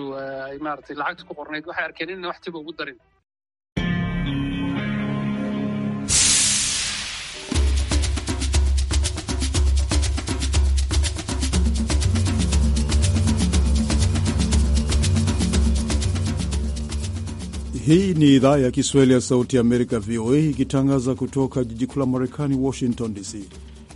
maaragtay lacagta ku qornayd waxay arkeen inna wax tiba ugu darin Hii ni idhaa ya Kiswahili ya Sauti ya Amerika, VOA, ikitangaza kutoka jiji kuu la Marekani, Washington DC.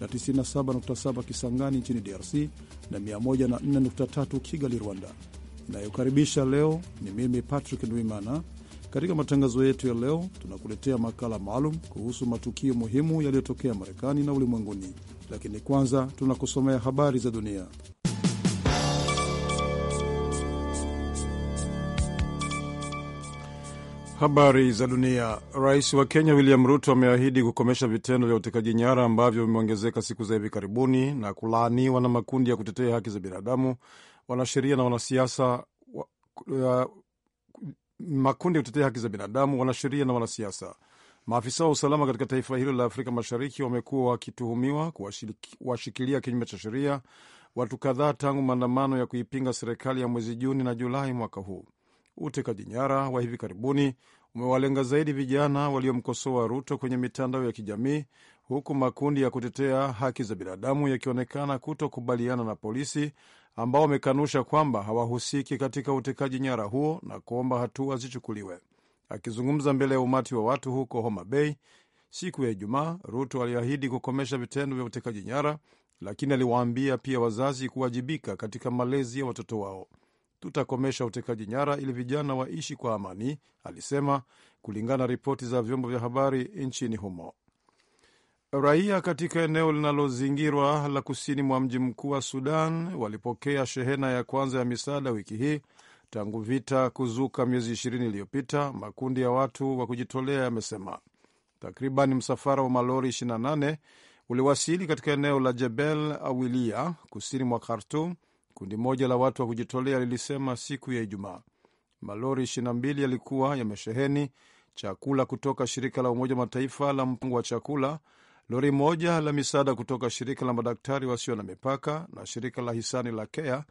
na 97.7 Kisangani nchini DRC na 104.3 Kigali, Rwanda. Inayokaribisha leo ni mimi Patrick Ndwimana. Katika matangazo yetu ya leo, tunakuletea makala maalum kuhusu matukio muhimu yaliyotokea Marekani na ulimwenguni, lakini kwanza tunakusomea habari za dunia. Habari za dunia. Rais wa Kenya William Ruto ameahidi kukomesha vitendo vya utekaji nyara ambavyo vimeongezeka siku za hivi karibuni na kulaaniwa na makundi ya kutetea haki za binadamu, wanasheria na wanasiasa wa, makundi ya kutetea haki za binadamu, wanasheria na wanasiasa. Maafisa wa usalama katika taifa hilo la Afrika Mashariki wamekuwa wakituhumiwa kuwashikilia kinyume cha sheria watu kadhaa tangu maandamano ya kuipinga serikali ya mwezi Juni na Julai mwaka huu. Utekaji nyara wa hivi karibuni umewalenga zaidi vijana waliomkosoa Ruto kwenye mitandao ya kijamii, huku makundi ya kutetea haki za binadamu yakionekana kutokubaliana na polisi ambao wamekanusha kwamba hawahusiki katika utekaji nyara huo na kuomba hatua zichukuliwe. Akizungumza mbele ya umati wa watu huko Homa Bay siku ya Ijumaa, Ruto aliahidi kukomesha vitendo vya utekaji nyara, lakini aliwaambia pia wazazi kuwajibika katika malezi ya watoto wao tutakomesha utekaji nyara ili vijana waishi kwa amani, alisema, kulingana na ripoti za vyombo vya habari nchini humo. Raia katika eneo linalozingirwa la kusini mwa mji mkuu wa Sudan walipokea shehena ya kwanza ya misaada wiki hii tangu vita kuzuka miezi ishirini iliyopita, makundi ya watu wa kujitolea yamesema. Takriban msafara wa malori 28 uliwasili katika eneo la Jebel Awilia kusini mwa Khartum Kundi moja la watu wa kujitolea lilisema siku ya Ijumaa malori 22 yalikuwa yamesheheni chakula kutoka shirika la Umoja Mataifa la mpango wa chakula, lori moja la misaada kutoka shirika la madaktari wasio na mipaka na shirika la hisani la Kea,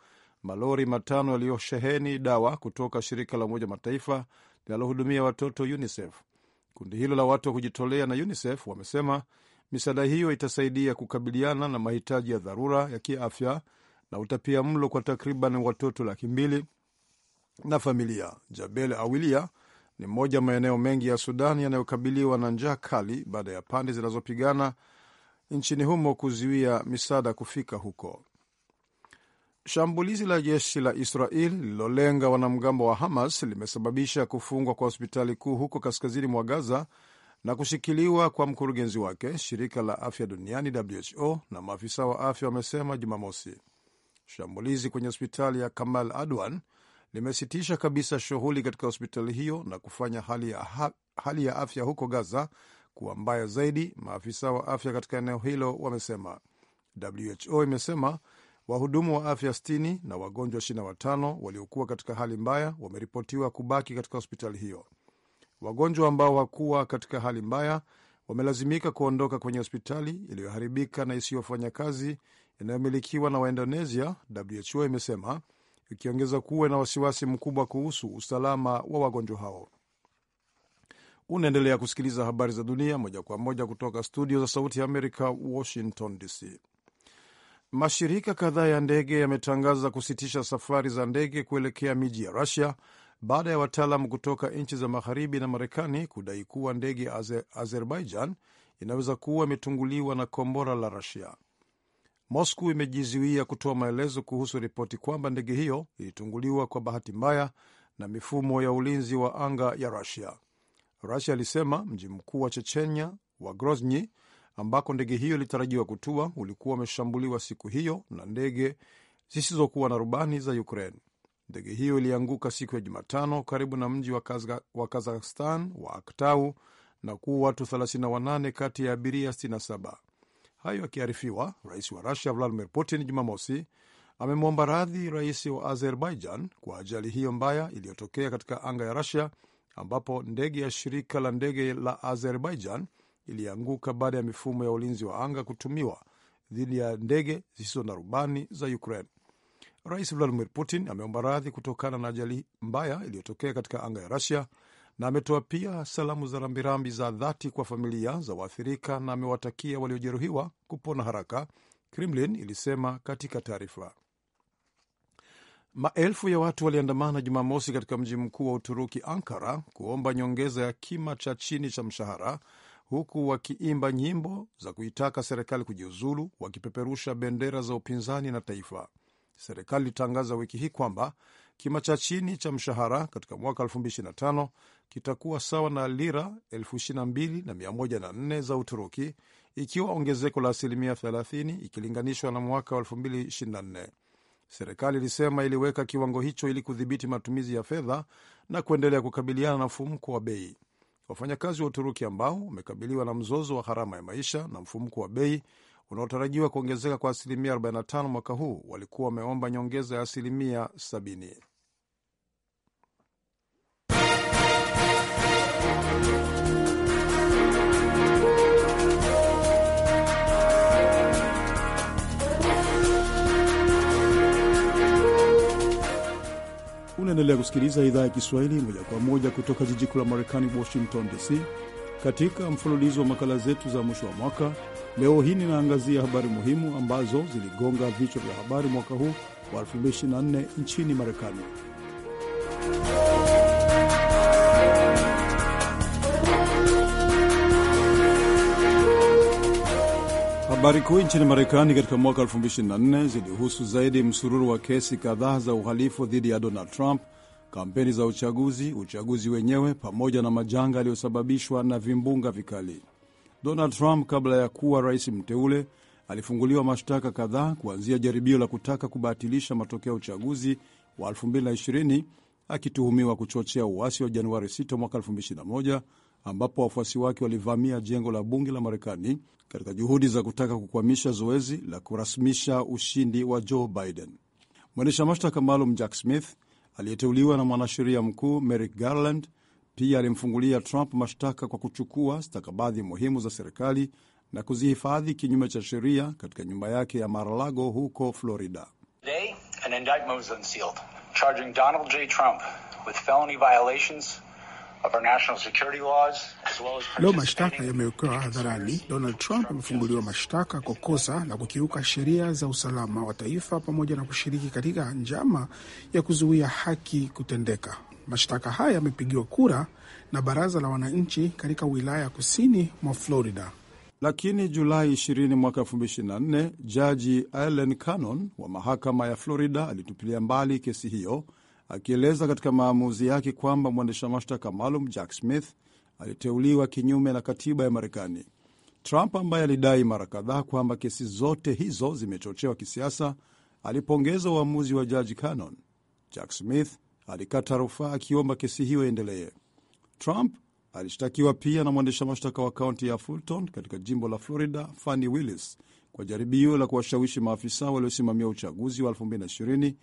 malori matano yaliyosheheni dawa kutoka shirika la Umoja Mataifa linalohudumia watoto UNICEF. Kundi hilo la watu wa kujitolea na UNICEF wamesema misaada hiyo itasaidia kukabiliana na mahitaji ya dharura ya kiafya na utapia mlo kwa takriban watoto laki mbili na familia. Jabel Awilia ni mmoja maeneo mengi ya Sudan yanayokabiliwa na njaa kali baada ya pande zinazopigana nchini humo kuzuia misaada kufika huko. Shambulizi la jeshi la Israel lililolenga wanamgambo wa Hamas limesababisha kufungwa kwa hospitali kuu huko kaskazini mwa Gaza na kushikiliwa kwa mkurugenzi wake, shirika la afya duniani WHO na maafisa wa afya wamesema Jumamosi. Shambulizi kwenye hospitali ya Kamal Adwan limesitisha kabisa shughuli katika hospitali hiyo na kufanya hali ya, hali ya afya huko Gaza kuwa mbaya zaidi, maafisa wa afya katika eneo hilo wamesema. WHO imesema wahudumu wa afya 60 na wagonjwa 25 waliokuwa katika hali mbaya wameripotiwa kubaki katika hospitali hiyo. Wagonjwa ambao wakuwa katika hali mbaya wamelazimika kuondoka kwenye hospitali iliyoharibika na isiyofanya kazi inayomilikiwa na Waindonesia, WHO imesema ikiongeza kuwa na wasiwasi mkubwa kuhusu usalama wa wagonjwa hao. Unaendelea kusikiliza habari za dunia moja kwa moja kutoka studio za Sauti ya Amerika, Washington DC. Mashirika kadhaa ya ndege yametangaza kusitisha safari za ndege kuelekea miji ya Rusia baada ya wataalamu kutoka nchi za magharibi na Marekani kudai kuwa ndege ya Azerbaijan inaweza kuwa imetunguliwa na kombora la Rusia. Moscow imejizuia kutoa maelezo kuhusu ripoti kwamba ndege hiyo ilitunguliwa kwa bahati mbaya na mifumo ya ulinzi wa anga ya Rusia. Rusia alisema mji mkuu wa Chechenya wa Grozny, ambako ndege hiyo ilitarajiwa kutua, ulikuwa umeshambuliwa siku hiyo na ndege zisizokuwa na rubani za Ukraine. Ndege hiyo ilianguka siku ya Jumatano karibu na mji wa, Kazga, wa Kazakhstan wa Aktau na kuua watu 38 kati ya abiria 67. Hayo akiarifiwa, rais wa Rusia Vladimir Putin Jumamosi amemwomba radhi rais wa Azerbaijan kwa ajali hiyo mbaya iliyotokea katika anga ya Rusia ambapo ndege ya shirika la ndege la Azerbaijan ilianguka baada ya mifumo ya ulinzi wa anga kutumiwa dhidi ya ndege zisizo na rubani za Ukraine. Rais Vladimir Putin ameomba radhi kutokana na ajali mbaya iliyotokea katika anga ya Rusia na ametoa pia salamu za rambirambi za dhati kwa familia za waathirika na amewatakia waliojeruhiwa kupona haraka, Kremlin ilisema katika taarifa. Maelfu ya watu waliandamana Jumamosi katika mji mkuu wa Uturuki, Ankara, kuomba nyongeza ya kima cha chini cha mshahara, huku wakiimba nyimbo za kuitaka serikali kujiuzulu, wakipeperusha bendera za upinzani na taifa. Serikali ilitangaza wiki hii kwamba kima cha chini cha mshahara katika mwaka kitakuwa sawa na lira 22,104 za Uturuki, ikiwa ongezeko la asilimia 30 ikilinganishwa na mwaka wa 2024. Serikali ilisema iliweka kiwango hicho ili kudhibiti matumizi ya fedha na kuendelea kukabiliana na mfumko wa bei. Wafanyakazi wa Uturuki ambao wamekabiliwa na mzozo wa gharama ya maisha na mfumko wa bei unaotarajiwa kuongezeka kwa asilimia 45 mwaka huu walikuwa wameomba nyongeza ya asilimia 70. Unaendelea kusikiliza idhaa ya Kiswahili moja kwa moja kutoka jiji kuu la Marekani, Washington DC. Katika mfululizo wa makala zetu za mwisho wa mwaka, leo hii ninaangazia habari muhimu ambazo ziligonga vichwa vya habari mwaka huu wa 2024 nchini Marekani. Habari kuu nchini Marekani katika mwaka 2024 zilihusu zaidi msururu wa kesi kadhaa za uhalifu dhidi ya Donald Trump kampeni za uchaguzi, uchaguzi wenyewe, pamoja na majanga yaliyosababishwa na vimbunga vikali. Donald Trump kabla ya kuwa rais mteule alifunguliwa mashtaka kadhaa kuanzia jaribio la kutaka kubatilisha matokeo ya uchaguzi wa 2020 akituhumiwa kuchochea uasi wa Januari 6 mwaka 2021 ambapo wafuasi wake walivamia jengo la bunge la Marekani katika juhudi za kutaka kukwamisha zoezi la kurasmisha ushindi wa Joe Biden. Mwendesha mashtaka maalum Jack Smith aliyeteuliwa na mwanasheria mkuu Merrick Garland pia alimfungulia Trump mashtaka kwa kuchukua stakabadhi muhimu za serikali na kuzihifadhi kinyume cha sheria katika nyumba yake ya Mar-a-Lago huko Florida. Today, an indictment was unsealed, charging Donald J. Trump with felony violations Leo mashtaka yamewekewa hadharani. Donald Trump amefunguliwa mashtaka kwa kosa la kukiuka sheria za usalama wa taifa pamoja na kushiriki katika njama ya kuzuia haki kutendeka. Mashtaka haya yamepigiwa kura na baraza la wananchi katika wilaya ya kusini mwa Florida. Lakini Julai 20 mwaka 2024, jaji Allen Cannon wa mahakama ya Florida alitupilia mbali kesi hiyo akieleza katika maamuzi yake kwamba mwendesha mashtaka maalum Jack Smith aliteuliwa kinyume na katiba ya Marekani. Trump ambaye alidai mara kadhaa kwamba kesi zote hizo zimechochewa kisiasa alipongeza uamuzi wa jaji Canon. Jack Smith alikata rufaa akiomba kesi hiyo iendelee. Trump alishtakiwa pia na mwendesha mashtaka wa kaunti ya Fulton katika jimbo la Florida, fanny Willis, kwa jaribio la kuwashawishi maafisa waliosimamia uchaguzi wa 2020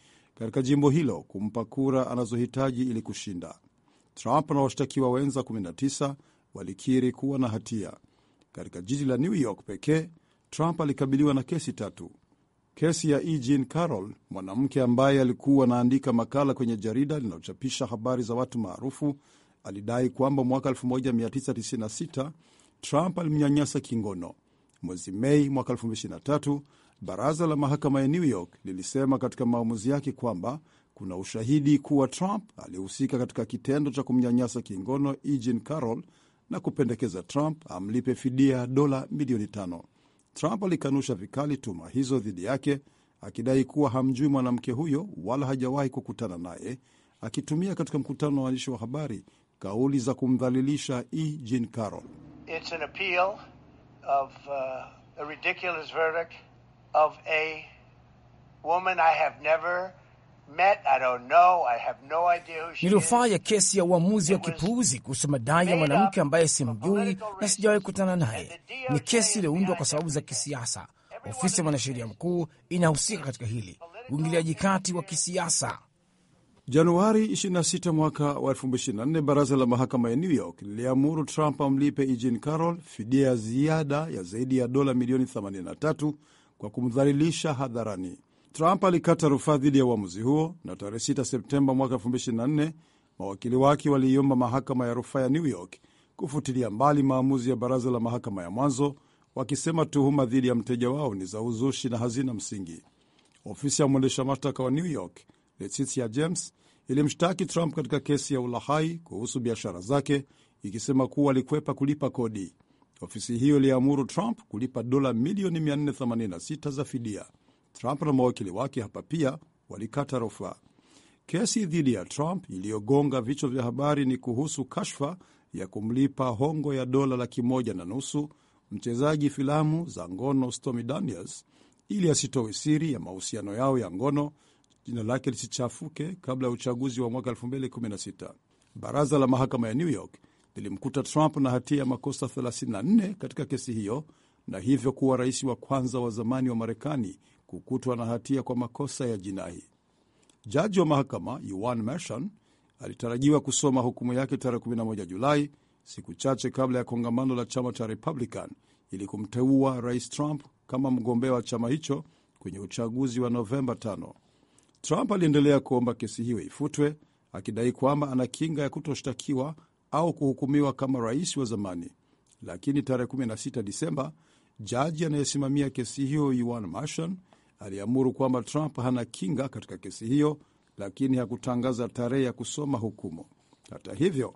katika jimbo hilo kumpa kura anazohitaji ili kushinda. Trump na washtakiwa wenza 19 walikiri kuwa na hatia. Katika jiji la New York pekee, Trump alikabiliwa na kesi tatu. Kesi ya E. Jean Carroll, mwanamke ambaye alikuwa anaandika makala kwenye jarida linalochapisha habari za watu maarufu, alidai kwamba mwaka 1996 Trump alimnyanyasa kingono. Mwezi Mei mwaka 2023 baraza la mahakama ya New York lilisema katika maamuzi yake kwamba kuna ushahidi kuwa Trump alihusika katika kitendo cha kumnyanyasa kingono ejin Carroll na kupendekeza Trump amlipe fidia dola milioni tano. Trump alikanusha vikali tuma hizo dhidi yake akidai kuwa hamjui mwanamke huyo wala hajawahi kukutana naye, akitumia katika mkutano wa waandishi wa habari kauli za kumdhalilisha ejin Carroll. It's an appeal of uh, a ridiculous verdict of a woman I have never met. I don't know. I have no idea who she ni rufaa ya kesi ya uamuzi wa kipuuzi kuhusu madai ya mwanamke ambaye simjui na sijawahi kutana naye. Ni kesi iliyoundwa kwa sababu za kisiasa. Ofisi ya mwanasheria mkuu inahusika katika hili, uingiliaji kati wa kisiasa Januari 26 mwaka wa 2024, baraza la mahakama ya New York liliamuru Trump amlipe Eugene Carroll fidia ya ziada ya zaidi ya dola milioni 83 kwa kumdhalilisha hadharani. Trump alikata rufaa dhidi ya uamuzi huo, na tarehe 6 Septemba mwaka 2024 mawakili wake waliiomba mahakama ya rufaa ya New York kufutilia mbali maamuzi ya baraza la mahakama ya mwanzo, wakisema tuhuma dhidi ya mteja wao ni za uzushi na hazina msingi. Ofisi ya mwendesha mashtaka wa New York Letitia James ilimshtaki Trump katika kesi ya ulahai kuhusu biashara zake ikisema kuwa alikwepa kulipa kodi. Ofisi hiyo iliamuru Trump kulipa dola milioni 486 za fidia. Trump na mawakili wake hapa pia walikata rufaa. Kesi dhidi ya Trump iliyogonga vichwa vya habari ni kuhusu kashfa ya kumlipa hongo ya dola laki moja na nusu mchezaji filamu za ngono Stormy Daniels ili asitoe siri ya mahusiano yao ya ngono jina lake lisichafuke kabla ya uchaguzi wa mwaka 2016. Baraza la mahakama ya New York lilimkuta Trump na hatia ya makosa 34 katika kesi hiyo na hivyo kuwa rais wa kwanza wa zamani wa Marekani kukutwa na hatia kwa makosa ya jinai. Jaji wa mahakama Yuan Merchan alitarajiwa kusoma hukumu yake tarehe 11 Julai, siku chache kabla ya kongamano la chama cha Republican ili kumteua rais Trump kama mgombea wa chama hicho kwenye uchaguzi wa Novemba 5. Trump aliendelea kuomba kesi hiyo ifutwe, akidai kwamba ana kinga ya kutoshtakiwa au kuhukumiwa kama rais wa zamani. Lakini tarehe 16 Disemba, jaji anayesimamia kesi hiyo Yuan Marshan aliamuru kwamba Trump hana kinga katika kesi hiyo, lakini hakutangaza tarehe ya kusoma hukumu. Hata hivyo,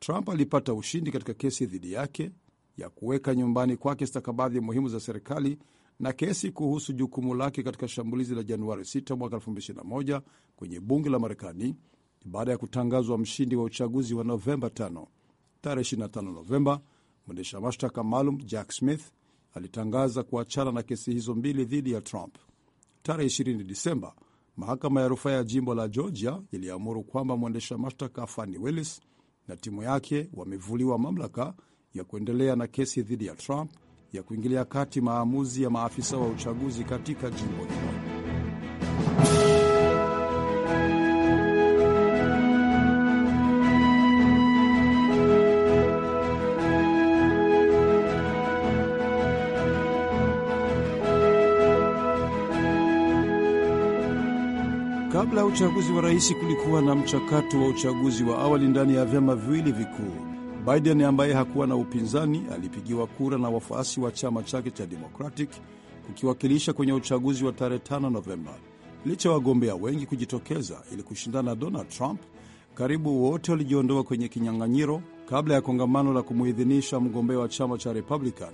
Trump alipata ushindi katika kesi dhidi yake ya kuweka nyumbani kwake stakabadhi muhimu za serikali na kesi kuhusu jukumu lake katika shambulizi la Januari 6 mwaka 2021 kwenye bunge la Marekani baada ya kutangazwa mshindi wa uchaguzi wa Novemba 5. Tarehe 25 Novemba, mwendesha mashtaka maalum Jack Smith alitangaza kuachana na kesi hizo mbili dhidi ya Trump. Tarehe 20 Disemba, mahakama ya rufaa ya jimbo la Georgia iliamuru kwamba mwendesha mashtaka Fani Willis na timu yake wamevuliwa mamlaka ya kuendelea na kesi dhidi ya Trump ya kuingilia kati maamuzi ya maafisa wa uchaguzi katika jimbo hilo. Kabla ya uchaguzi wa rais kulikuwa na mchakato wa uchaguzi wa awali ndani ya vyama viwili vikuu. Biden ambaye hakuwa na upinzani alipigiwa kura na wafuasi wa chama chake cha Democratic kukiwakilisha kwenye uchaguzi wa tarehe 5 Novemba. Licha wagombea wengi kujitokeza ili kushindana na Donald Trump, karibu wote walijiondoa kwenye kinyang'anyiro kabla ya kongamano la kumuidhinisha mgombea wa chama cha Republican,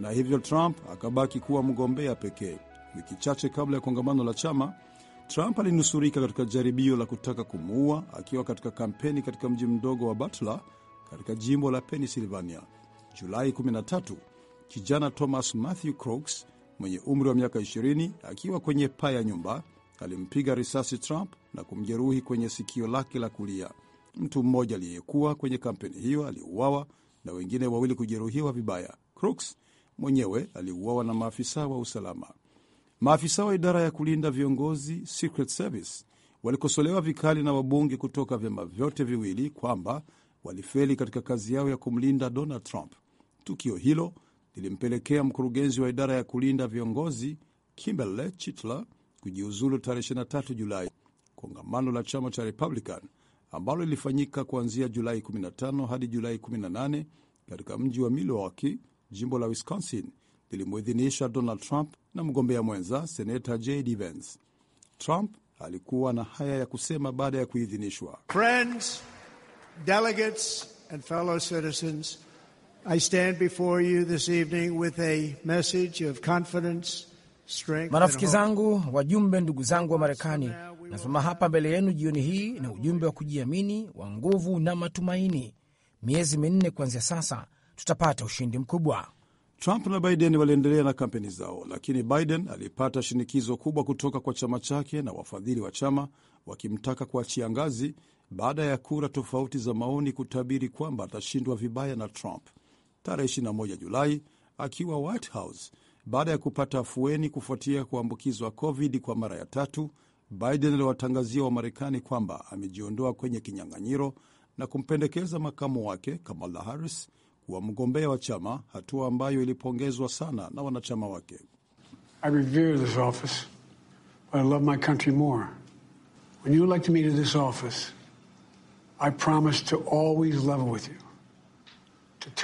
na hivyo Trump akabaki kuwa mgombea pekee. Wiki chache kabla ya kongamano la chama, Trump alinusurika katika jaribio la kutaka kumuua akiwa katika kampeni katika mji mdogo wa Butler katika jimbo la Pennsylvania. Julai 13, kijana Thomas Matthew Crooks mwenye umri wa miaka 20 akiwa kwenye paa ya nyumba alimpiga risasi Trump na kumjeruhi kwenye sikio lake la kulia. Mtu mmoja aliyekuwa kwenye kampeni hiyo aliuawa na wengine wawili kujeruhiwa vibaya. Crooks mwenyewe aliuawa na maafisa wa usalama. Maafisa wa idara ya kulinda viongozi Secret Service walikosolewa vikali na wabunge kutoka vyama vyote viwili kwamba walifeli katika kazi yao ya kumlinda Donald Trump. Tukio hilo lilimpelekea mkurugenzi wa idara ya kulinda viongozi Kimberly Chitler kujiuzulu tarehe 23 Julai. Kongamano la chama cha Republican ambalo lilifanyika kuanzia Julai 15 hadi Julai 18 katika mji wa Milwaukee, jimbo la Wisconsin, lilimwidhinisha Donald Trump na mgombea mwenza senata JD Vance. Trump alikuwa na haya ya kusema baada ya kuidhinishwa. Friends. Delegates and fellow citizens, I stand before you this evening with a message of confidence, strength. Marafiki zangu, wajumbe, ndugu zangu wa Marekani, nasoma hapa mbele yenu jioni hii na ujumbe wa kujiamini, wa nguvu na matumaini. Miezi minne kuanzia sasa, tutapata ushindi mkubwa. Trump na Biden waliendelea na kampeni zao, lakini Biden alipata shinikizo kubwa kutoka kwa chama chake na wafadhili wa chama wakimtaka kuachia ngazi baada ya kura tofauti za maoni kutabiri kwamba atashindwa vibaya na Trump tarehe 21 Julai akiwa White House baada ya kupata afueni kufuatia kuambukizwa COVID kwa mara ya tatu. Biden aliwatangazia Wamarekani kwamba amejiondoa kwenye kinyang'anyiro na kumpendekeza makamu wake Kamala Harris kuwa mgombea wa chama, hatua ambayo ilipongezwa sana na wanachama wake. I office,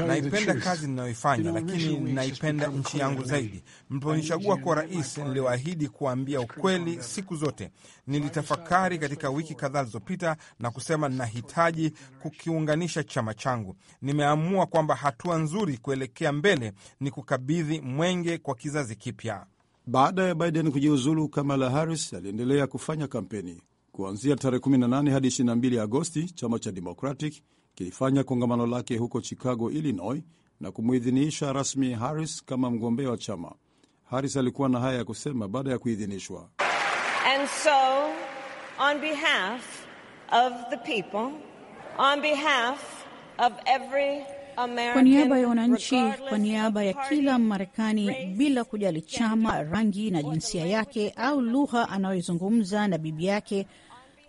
Naipenda kazi ninayoifanya, lakini naipenda nchi yangu zaidi. Mliponichagua kuwa rais, niliwaahidi kuwaambia ukweli siku zote. Nilitafakari katika wiki kadhaa zilizopita na kusema ninahitaji kukiunganisha chama changu. Nimeamua kwamba hatua nzuri kuelekea mbele ni kukabidhi mwenge kwa kizazi kipya. Baada ya Biden kujiuzulu, Kamala Harris aliendelea kufanya kampeni. Kuanzia tarehe 18 hadi 22 Agosti, chama cha Democratic kilifanya kongamano lake huko Chicago, Illinois, na kumuidhinisha rasmi Harris kama mgombea wa chama. Harris alikuwa na haya ya kusema baada ya kuidhinishwa. And so, on behalf of the people, on behalf of every kwa niaba ya wananchi, kwa niaba ya kila Mmarekani bila kujali chama, rangi na jinsia yake au lugha anayoizungumza na bibi yake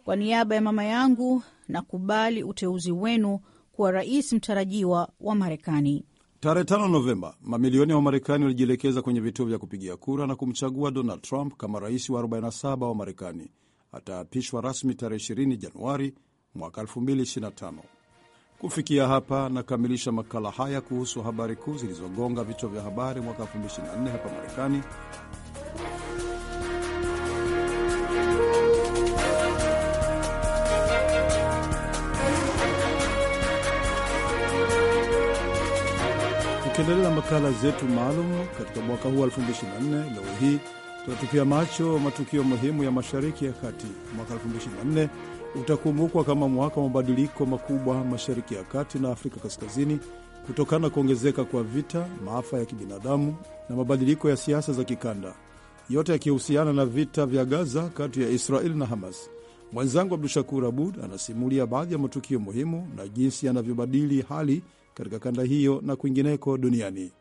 kwa niaba ya mama yangu na kubali uteuzi wenu kuwa rais mtarajiwa wa Marekani. Tarehe tano Novemba, mamilioni ya Wamarekani walijielekeza kwenye vituo vya kupigia kura na kumchagua Donald Trump kama rais wa 47 wa Marekani. Ataapishwa rasmi tarehe 20 Januari mwaka 2025. Kufikia hapa nakamilisha makala haya kuhusu habari kuu zilizogonga vichwa vya habari mwaka 2024 hapa Marekani. na makala zetu maalum katika mwaka huu 2024. Leo hii tunatupia macho matukio muhimu ya Mashariki ya Kati. Mwaka 2024 utakumbukwa kama mwaka wa mabadiliko makubwa Mashariki ya Kati na Afrika Kaskazini kutokana na kuongezeka kwa vita, maafa ya kibinadamu na mabadiliko ya siasa za kikanda, yote yakihusiana na vita vya Gaza kati ya israel na Hamas. Mwenzangu Abdu Shakur Abud anasimulia baadhi ya matukio muhimu na jinsi yanavyobadili hali katika kanda hiyo na kwingineko duniani.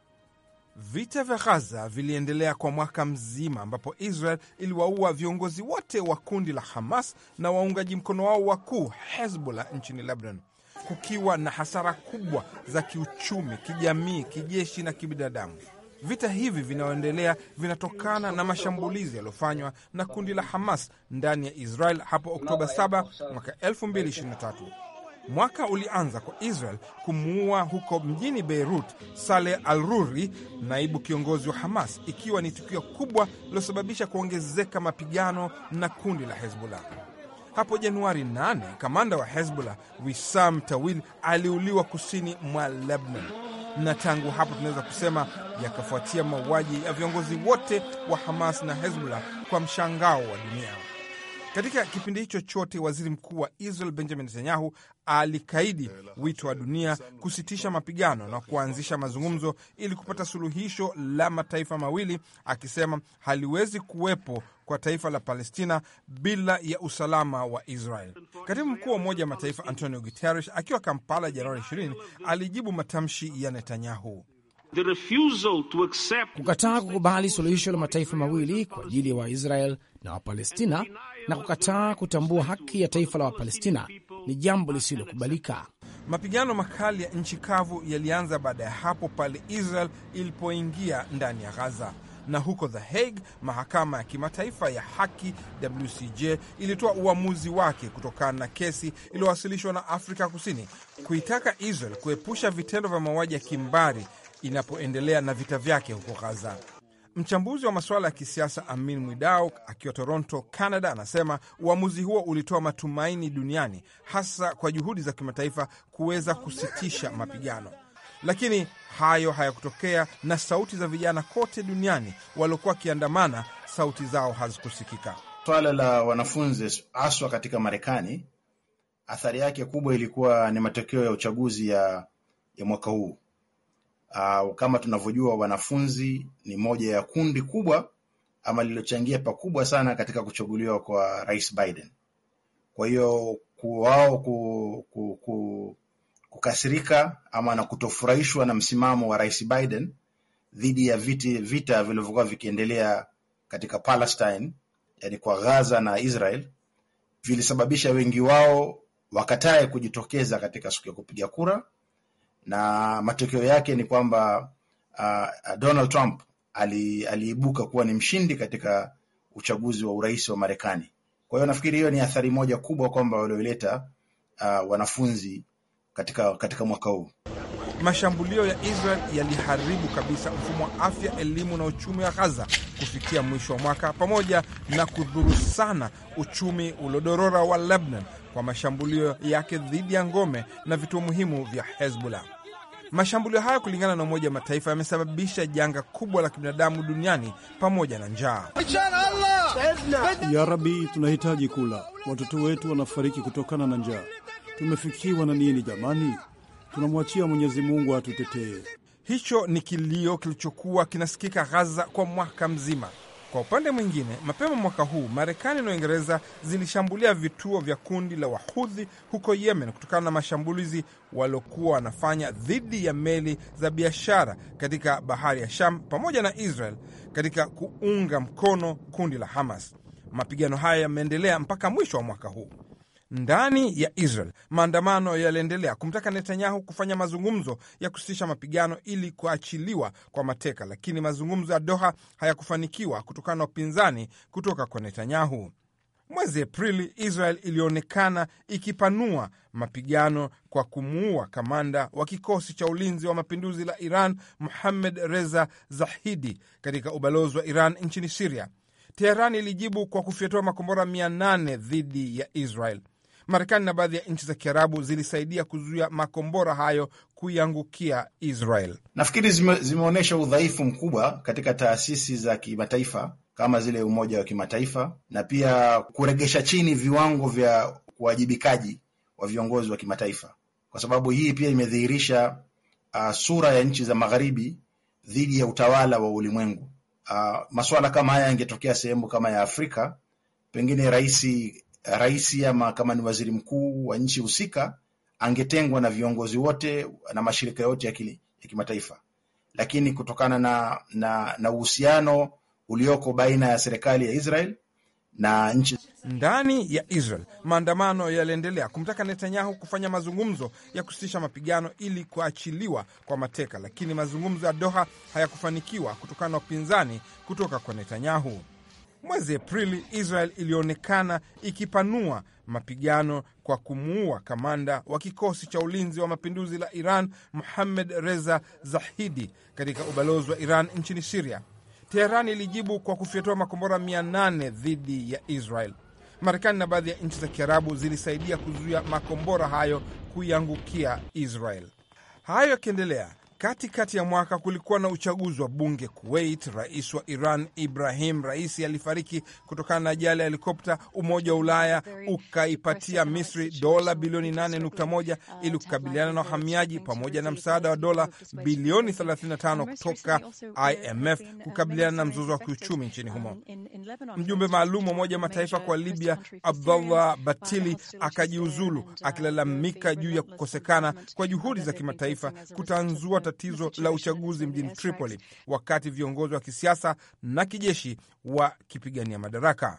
Vita vya Ghaza viliendelea kwa mwaka mzima ambapo Israel iliwaua viongozi wote wa kundi la Hamas na waungaji mkono wao wakuu Hezbollah nchini Lebanon, kukiwa na hasara kubwa za kiuchumi, kijamii, kijeshi na kibinadamu. Vita hivi vinaoendelea vinatokana na mashambulizi yaliyofanywa na kundi la Hamas ndani ya Israel hapo Oktoba 7 mwaka 2023. Mwaka ulianza kwa Israel kumuua huko mjini Beirut Saleh al-Ruri, naibu kiongozi wa Hamas, ikiwa ni tukio kubwa lilosababisha kuongezeka mapigano na kundi la Hezbollah. Hapo Januari 8 kamanda wa Hezbollah Wissam Tawil aliuliwa kusini mwa Lebanon, na tangu hapo tunaweza kusema yakafuatia mauaji ya viongozi wote wa Hamas na Hezbollah kwa mshangao wa dunia. Katika kipindi hicho chote, waziri mkuu wa Israel Benjamin Netanyahu alikaidi wito wa dunia kusitisha mapigano na kuanzisha mazungumzo ili kupata suluhisho la mataifa mawili, akisema haliwezi kuwepo kwa taifa la Palestina bila ya usalama wa Israel. Katibu mkuu wa Umoja wa Mataifa Antonio Guterres akiwa Kampala Januari 20 alijibu matamshi ya Netanyahu. Kukataa kukubali suluhisho la mataifa mawili kwa ajili ya wa Waisrael na Wapalestina na kukataa kutambua haki ya taifa la Wapalestina ni jambo lisilokubalika. Mapigano makali ya nchi kavu yalianza baada ya hapo pale Israel ilipoingia ndani ya Gaza na huko The Hague mahakama ya kimataifa ya haki WCJ ilitoa uamuzi wake kutokana na kesi iliyowasilishwa na Afrika Kusini kuitaka Israel kuepusha vitendo vya mauaji ya kimbari inapoendelea na vita vyake huko Gaza. Mchambuzi wa masuala ya kisiasa Amin Mwidau akiwa Toronto, Canada, anasema uamuzi huo ulitoa matumaini duniani, hasa kwa juhudi za kimataifa kuweza kusitisha mapigano, lakini hayo hayakutokea, na sauti za vijana kote duniani waliokuwa wakiandamana, sauti zao hazikusikika. Swala la wanafunzi haswa katika Marekani, athari yake kubwa ilikuwa ni matokeo ya uchaguzi ya, ya mwaka huu Uh, kama tunavyojua wanafunzi ni moja ya kundi kubwa ama lililochangia pakubwa sana katika kuchaguliwa kwa Rais Biden. Kwa hiyo wao ku, ku, ku, kukasirika ama na kutofurahishwa na msimamo wa Rais Biden dhidi ya viti, vita vilivyokuwa vikiendelea katika Palestine, yani kwa Gaza na Israel vilisababisha wengi wao wakatae kujitokeza katika siku ya kupiga kura na matokeo yake ni kwamba uh, Donald Trump ali, aliibuka kuwa ni mshindi katika uchaguzi wa urais wa Marekani. Kwa hiyo nafikiri hiyo ni athari moja kubwa kwamba walioleta uh, wanafunzi katika, katika mwaka huu. Mashambulio ya Israel yaliharibu kabisa mfumo wa afya, elimu na uchumi wa Gaza kufikia mwisho wa mwaka, pamoja na kudhuru sana uchumi uliodorora wa Lebanon kwa mashambulio yake dhidi ya ngome na vituo muhimu vya Hezbollah. Mashambulio hayo kulingana na Umoja wa Mataifa yamesababisha janga kubwa la kibinadamu duniani pamoja na njaa. Ya Rabi, tunahitaji kula. Watoto wetu wanafariki kutokana na njaa. Tumefikiwa na nini jamani? Tunamwachia Mwenyezi Mungu atutetee. Hicho ni kilio kilichokuwa kinasikika ghaza kwa mwaka mzima. Kwa upande mwingine, mapema mwaka huu Marekani na Uingereza zilishambulia vituo vya kundi la Wahudhi huko Yemen kutokana na mashambulizi waliokuwa wanafanya dhidi ya meli za biashara katika bahari ya Sham pamoja na Israel katika kuunga mkono kundi la Hamas. Mapigano haya yameendelea mpaka mwisho wa mwaka huu ndani ya Israel. Maandamano yaliendelea kumtaka Netanyahu kufanya mazungumzo ya kusitisha mapigano ili kuachiliwa kwa mateka, lakini mazungumzo ya Doha hayakufanikiwa kutokana na upinzani kutoka kwa Netanyahu. Mwezi Aprili, Israel ilionekana ikipanua mapigano kwa kumuua kamanda wa kikosi cha ulinzi wa mapinduzi la Iran, Muhammad Reza Zahidi, katika ubalozi wa Iran nchini Siria. Teheran ilijibu kwa kufyatua makombora 800 dhidi ya Israel. Marekani na baadhi ya nchi za Kiarabu zilisaidia kuzuia makombora hayo kuiangukia Israel. Nafikiri zimeonyesha udhaifu mkubwa katika taasisi za kimataifa kama zile Umoja wa Kimataifa na pia kuregesha chini viwango vya uwajibikaji wa viongozi wa kimataifa, kwa sababu hii pia imedhihirisha uh, sura ya nchi za magharibi dhidi ya utawala wa ulimwengu. Uh, masuala kama haya yangetokea sehemu kama ya Afrika, pengine rais rais ama kama ni waziri mkuu wa nchi husika angetengwa na viongozi wote na mashirika yote ya, kimataifa, lakini kutokana na na na uhusiano ulioko baina ya serikali ya Israel na nchi ndani ya Israel, maandamano yaliendelea kumtaka Netanyahu kufanya mazungumzo ya kusitisha mapigano ili kuachiliwa kwa mateka, lakini mazungumzo ya Doha hayakufanikiwa kutokana na upinzani kutoka kwa Netanyahu. Mwezi Aprili, Israel ilionekana ikipanua mapigano kwa kumuua kamanda wa kikosi cha ulinzi wa mapinduzi la Iran Muhammad Reza Zahidi katika ubalozi wa Iran nchini Siria. Teherani ilijibu kwa kufyatua makombora 800 dhidi ya Israel. Marekani na baadhi ya nchi za Kiarabu zilisaidia kuzuia makombora hayo kuiangukia Israel. Hayo yakiendelea, Katikati kati ya mwaka kulikuwa na uchaguzi wa bunge Kuwait. Rais wa Iran Ibrahim Raisi alifariki kutokana na ajali ya helikopta. Umoja wa Ulaya ukaipatia Misri dola bilioni 8.1 ili kukabiliana na wahamiaji pamoja na msaada wa dola bilioni 35 kutoka IMF kukabiliana na mzozo wa kiuchumi nchini humo. Mjumbe maalum wa Umoja wa Mataifa kwa Libya Abdullah Batili akajiuzulu akilalamika juu ya kukosekana kwa juhudi za kimataifa kutanzua tatizo la uchaguzi mjini Tripoli, wakati viongozi wa kisiasa na kijeshi wakipigania madaraka.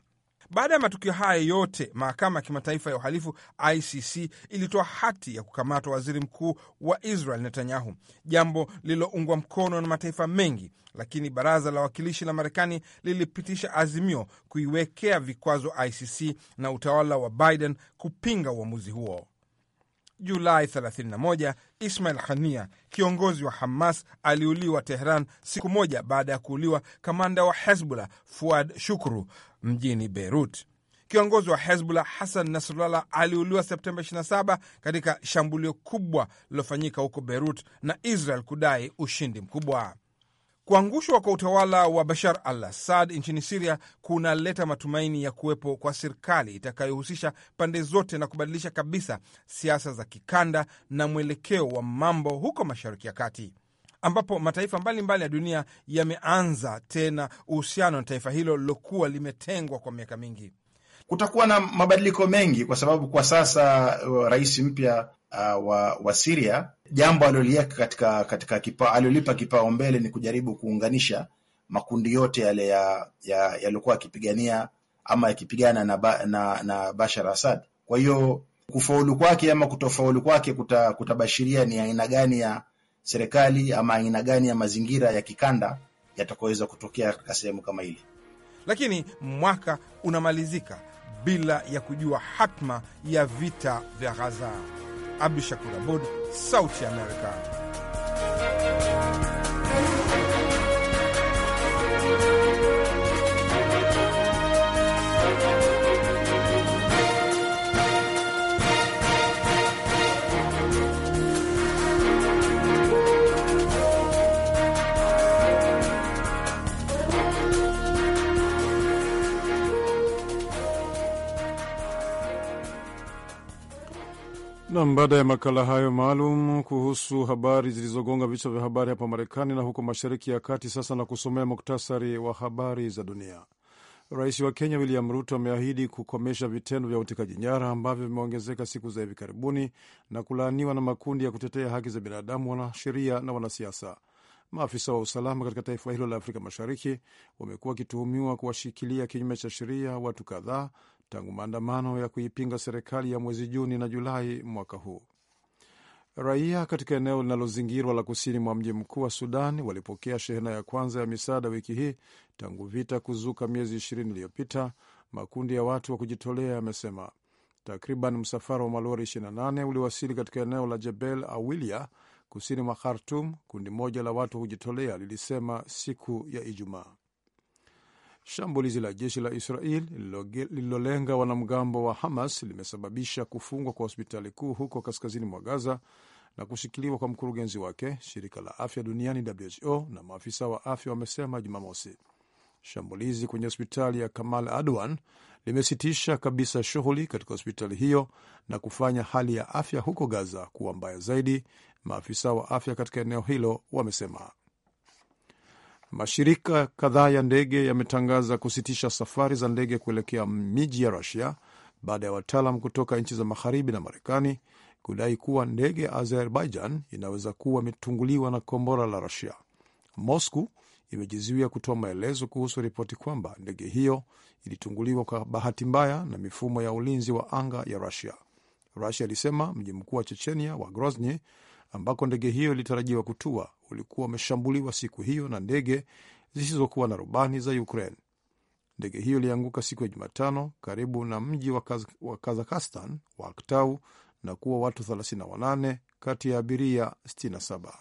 Baada ya matukio haya yote, mahakama ya kimataifa ya uhalifu ICC ilitoa hati ya kukamatwa waziri mkuu wa Israel Netanyahu, jambo lililoungwa mkono na mataifa mengi, lakini baraza la wawakilishi la Marekani lilipitisha azimio kuiwekea vikwazo ICC na utawala wa Biden kupinga uamuzi huo. Julai 31, Ismail Hania, kiongozi wa Hamas, aliuliwa Tehran, siku moja baada ya kuuliwa kamanda wa Hezbollah Fuad Shukru mjini Beirut. Kiongozi wa Hezbollah Hassan Nasrallah aliuliwa Septemba 27 katika shambulio kubwa lililofanyika huko Beirut na Israel kudai ushindi mkubwa. Kuangushwa kwa utawala wa Bashar al Assad nchini Siria kunaleta matumaini ya kuwepo kwa serikali itakayohusisha pande zote na kubadilisha kabisa siasa za kikanda na mwelekeo wa mambo huko Mashariki ya Kati, ambapo mataifa mbalimbali mbali ya dunia yameanza tena uhusiano na taifa hilo lilokuwa limetengwa kwa miaka mingi. Kutakuwa na mabadiliko mengi kwa sababu kwa sasa uh, rais mpya uh, wa, wa Siria, jambo alioliweka katika, katika kipa, alilolipa kipaumbele ni kujaribu kuunganisha makundi yote yale yaliyokuwa ya, ya akipigania ama yakipigana na, ba, na, na Bashar Assad. Kwa hiyo kufaulu kwake ama kutofaulu kwake kuta, kutabashiria ni aina gani ya serikali ama aina gani ya mazingira ya kikanda yatakayoweza kutokea katika sehemu kama hili. Lakini mwaka unamalizika bila ya kujua hatma ya vita vya ghaza Abdu Shakur Abud, Sauti ya Amerika. Nam, baada ya makala hayo maalum kuhusu habari zilizogonga vichwa vya habari hapa Marekani na huko Mashariki ya Kati, sasa na kusomea muktasari wa habari za dunia. Rais wa Kenya William Ruto ameahidi kukomesha vitendo vya utekaji nyara ambavyo vimeongezeka siku za hivi karibuni na kulaaniwa na makundi ya kutetea haki za binadamu, wanasheria na wanasiasa. Maafisa wa usalama katika taifa hilo la Afrika Mashariki wamekuwa wakituhumiwa kuwashikilia kinyume cha sheria watu kadhaa tangu maandamano ya kuipinga serikali ya mwezi Juni na Julai mwaka huu. Raia katika eneo linalozingirwa la kusini mwa mji mkuu wa Sudan walipokea shehena ya kwanza ya misaada wiki hii tangu vita kuzuka miezi ishirini iliyopita, makundi ya watu wa kujitolea yamesema. Takriban msafara wa malori 28 uliwasili katika eneo la Jebel Awilia kusini mwa Khartum, kundi moja la watu wa kujitolea lilisema siku ya Ijumaa. Shambulizi la jeshi la Israel lililolenga wanamgambo wa Hamas limesababisha kufungwa kwa hospitali kuu huko kaskazini mwa Gaza na kushikiliwa kwa mkurugenzi wake, shirika la afya duniani WHO na maafisa wa afya wamesema Jumamosi. Shambulizi kwenye hospitali ya Kamal Adwan limesitisha kabisa shughuli katika hospitali hiyo na kufanya hali ya afya huko Gaza kuwa mbaya zaidi, maafisa wa afya katika eneo hilo wamesema. Mashirika kadhaa ya ndege yametangaza kusitisha safari za ndege kuelekea miji ya Rusia baada ya wataalam kutoka nchi za magharibi na Marekani kudai kuwa ndege ya Azerbaijan inaweza kuwa imetunguliwa na kombora la Rusia. Mosku imejizuia kutoa maelezo kuhusu ripoti kwamba ndege hiyo ilitunguliwa kwa bahati mbaya na mifumo ya ulinzi wa anga ya Rusia. Rusia ilisema mji mkuu wa Chechenia wa Grozny, ambako ndege hiyo ilitarajiwa kutua, ulikuwa umeshambuliwa siku hiyo na ndege zisizokuwa na rubani za Ukraine. Ndege hiyo ilianguka siku ya Jumatano karibu na mji wa, Kaz wa Kazakistan wa Aktau na kuwa watu 38 kati ya abiria 67.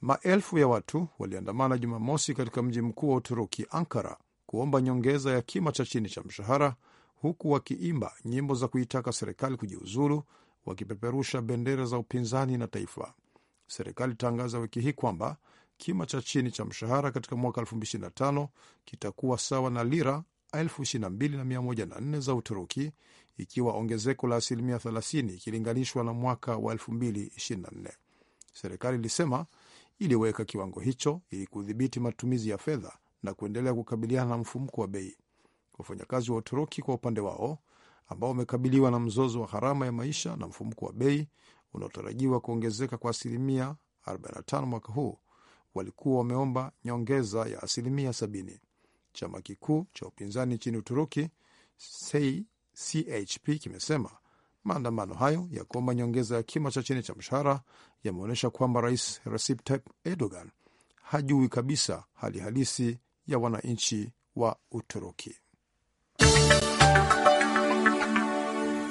Maelfu ya watu waliandamana Jumamosi katika mji mkuu wa Uturuki, Ankara, kuomba nyongeza ya kima cha chini cha mshahara, huku wakiimba nyimbo za kuitaka serikali kujiuzulu, wakipeperusha bendera za upinzani na taifa serikali itaangaza wiki hii kwamba kima cha chini cha mshahara katika mwaka 2025 kitakuwa sawa na lira 22,104 za Uturuki, ikiwa ongezeko la asilimia 30 ikilinganishwa na mwaka wa 2024. Serikali ilisema iliweka kiwango hicho ili kudhibiti matumizi ya fedha na kuendelea kukabiliana na mfumko wa bei. Wafanyakazi wa Uturuki kwa upande wao, ambao wamekabiliwa na mzozo wa gharama ya maisha na mfumko wa bei, unaotarajiwa kuongezeka kwa asilimia 45 mwaka huu, walikuwa wameomba nyongeza ya asilimia 70. Chama kikuu cha upinzani nchini Uturuki CHP kimesema maandamano hayo ya kuomba nyongeza ya kima cha chini cha mshahara yameonyesha kwamba Rais Recep Tayyip Erdogan hajui kabisa hali halisi ya wananchi wa Uturuki.